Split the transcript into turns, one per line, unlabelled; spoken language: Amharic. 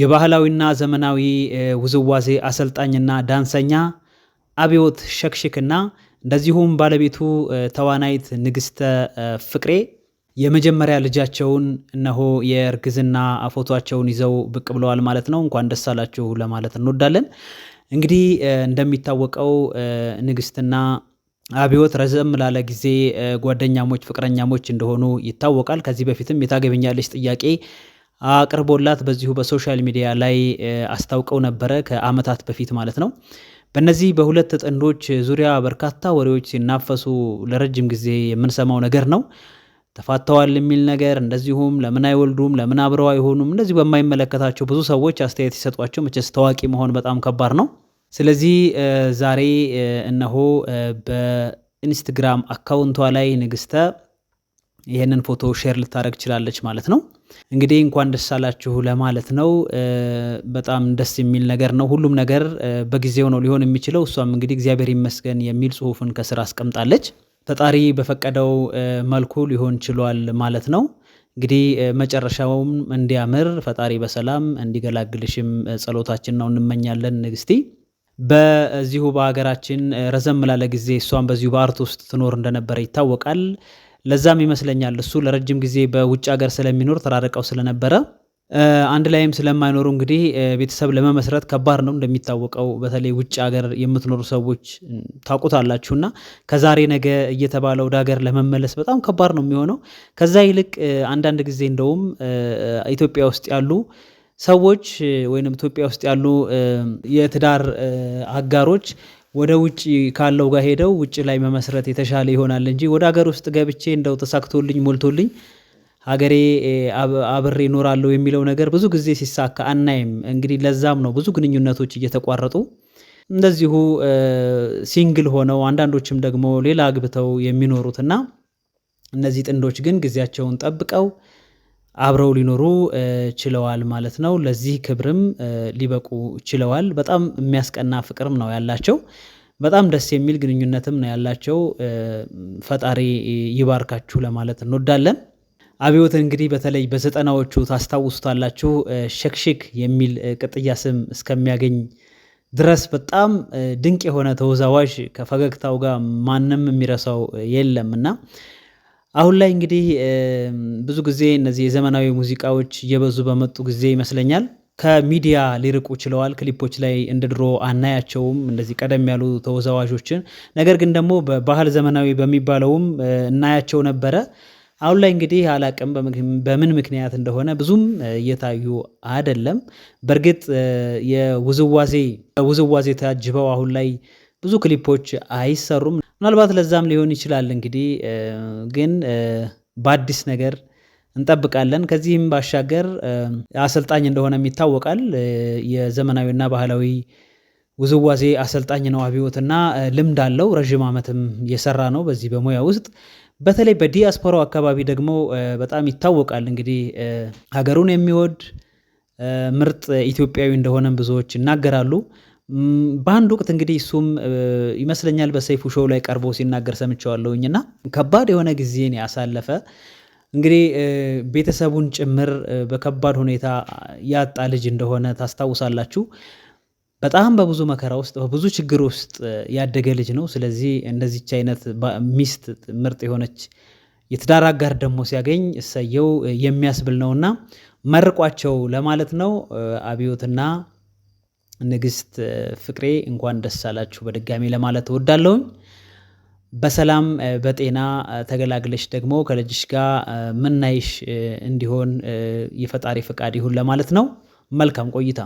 የባህላዊና ዘመናዊ ውዝዋዜ አሰልጣኝና ዳንሰኛ አብዮት ሸክሽክና እንደዚሁም ባለቤቱ ተዋናይት ንግስተ ፍቅሬ የመጀመሪያ ልጃቸውን እነሆ የእርግዝና ፎቷቸውን ይዘው ብቅ ብለዋል ማለት ነው። እንኳን ደስ አላችሁ ለማለት እንወዳለን። እንግዲህ እንደሚታወቀው ንግስትና አብዮት ረዘም ላለ ጊዜ ጓደኛሞች፣ ፍቅረኛሞች እንደሆኑ ይታወቃል። ከዚህ በፊትም የታገቢኛለሽ ጥያቄ አቅርቦላት በዚሁ በሶሻል ሚዲያ ላይ አስታውቀው ነበረ፣ ከአመታት በፊት ማለት ነው። በእነዚህ በሁለት ጥንዶች ዙሪያ በርካታ ወሬዎች ሲናፈሱ ለረጅም ጊዜ የምንሰማው ነገር ነው። ተፋተዋል የሚል ነገር እንደዚሁም ለምን አይወልዱም፣ ለምን አብረው አይሆኑም፣ እንደዚሁ በማይመለከታቸው ብዙ ሰዎች አስተያየት ሲሰጧቸው፣ መቼስ ታዋቂ መሆን በጣም ከባድ ነው። ስለዚህ ዛሬ እነሆ በኢንስትግራም አካውንቷ ላይ ንግስተ ይህንን ፎቶ ሼር ልታደረግ ችላለች ማለት ነው። እንግዲህ እንኳን ደስ አላችሁ ለማለት ነው። በጣም ደስ የሚል ነገር ነው። ሁሉም ነገር በጊዜው ነው ሊሆን የሚችለው። እሷም እንግዲህ እግዚአብሔር ይመስገን የሚል ጽሁፍን ከስር አስቀምጣለች። ፈጣሪ በፈቀደው መልኩ ሊሆን ችሏል ማለት ነው። እንግዲህ መጨረሻውም እንዲያምር ፈጣሪ በሰላም እንዲገላግልሽም ጸሎታችን ነው እንመኛለን። ንግስቲ በዚሁ በሀገራችን ረዘም ላለ ጊዜ እሷም በዚሁ በአርት ውስጥ ትኖር እንደነበረ ይታወቃል። ለዛም ይመስለኛል እሱ ለረጅም ጊዜ በውጭ ሀገር ስለሚኖር ተራርቀው ስለነበረ አንድ ላይም ስለማይኖሩ እንግዲህ ቤተሰብ ለመመስረት ከባድ ነው። እንደሚታወቀው በተለይ ውጭ ሀገር የምትኖሩ ሰዎች እና ከዛሬ ነገ እየተባለ ወደ ሀገር ለመመለስ በጣም ከባድ ነው የሚሆነው። ከዛ ይልቅ አንዳንድ ጊዜ እንደውም ኢትዮጵያ ውስጥ ያሉ ሰዎች ወይም ኢትዮጵያ ውስጥ ያሉ የትዳር አጋሮች ወደ ውጭ ካለው ጋር ሄደው ውጭ ላይ መመስረት የተሻለ ይሆናል እንጂ ወደ ሀገር ውስጥ ገብቼ እንደው ተሳክቶልኝ ሞልቶልኝ ሀገሬ አብሬ እኖራለሁ የሚለው ነገር ብዙ ጊዜ ሲሳካ አናይም። እንግዲህ ለዛም ነው ብዙ ግንኙነቶች እየተቋረጡ እንደዚሁ ሲንግል ሆነው አንዳንዶችም ደግሞ ሌላ አግብተው የሚኖሩት እና እነዚህ ጥንዶች ግን ጊዜያቸውን ጠብቀው አብረው ሊኖሩ ችለዋል ማለት ነው። ለዚህ ክብርም ሊበቁ ችለዋል። በጣም የሚያስቀና ፍቅርም ነው ያላቸው። በጣም ደስ የሚል ግንኙነትም ነው ያላቸው። ፈጣሪ ይባርካችሁ ለማለት እንወዳለን። አብዮት እንግዲህ በተለይ በዘጠናዎቹ ታስታውሱታላችሁ። ሸክሽክ የሚል ቅጥያ ስም እስከሚያገኝ ድረስ በጣም ድንቅ የሆነ ተወዛዋዥ ከፈገግታው ጋር ማንም የሚረሳው የለም እና አሁን ላይ እንግዲህ ብዙ ጊዜ እነዚህ የዘመናዊ ሙዚቃዎች እየበዙ በመጡ ጊዜ ይመስለኛል ከሚዲያ ሊርቁ ችለዋል። ክሊፖች ላይ እንደ ድሮ አናያቸውም እንደዚህ ቀደም ያሉ ተወዛዋዦችን። ነገር ግን ደግሞ በባህል ዘመናዊ በሚባለውም እናያቸው ነበረ። አሁን ላይ እንግዲህ አላቅም በምን ምክንያት እንደሆነ ብዙም እየታዩ አይደለም። በእርግጥ የውዝዋዜ ውዝዋዜ ታጅበው አሁን ላይ ብዙ ክሊፖች አይሰሩም። ምናልባት ለዛም ሊሆን ይችላል እንግዲህ ግን በአዲስ ነገር እንጠብቃለን። ከዚህም ባሻገር አሰልጣኝ እንደሆነም ይታወቃል። የዘመናዊና ባህላዊ ውዝዋዜ አሰልጣኝ ነው አብዮትና ልምድ አለው። ረዥም ዓመትም የሰራ ነው በዚህ በሙያ ውስጥ። በተለይ በዲያስፖራው አካባቢ ደግሞ በጣም ይታወቃል። እንግዲህ ሀገሩን የሚወድ ምርጥ ኢትዮጵያዊ እንደሆነም ብዙዎች ይናገራሉ። በአንድ ወቅት እንግዲህ እሱም ይመስለኛል በሰይፉ ሾው ላይ ቀርቦ ሲናገር ሰምቸዋለሁኝ እና ከባድ የሆነ ጊዜን ያሳለፈ እንግዲህ ቤተሰቡን ጭምር በከባድ ሁኔታ ያጣ ልጅ እንደሆነ ታስታውሳላችሁ። በጣም በብዙ መከራ ውስጥ በብዙ ችግር ውስጥ ያደገ ልጅ ነው። ስለዚህ እንደዚች አይነት ሚስት ምርጥ የሆነች የትዳር አጋር ደግሞ ሲያገኝ እሰየው የሚያስብል ነውና መርቋቸው ለማለት ነው አብዮትና ንግስት ፍቅሬ እንኳን ደስ አላችሁ በድጋሚ ለማለት እወዳለሁኝ። በሰላም በጤና ተገላግለሽ ደግሞ ከልጅሽ ጋር ምናይሽ እንዲሆን የፈጣሪ ፈቃድ ይሁን ለማለት ነው። መልካም ቆይታ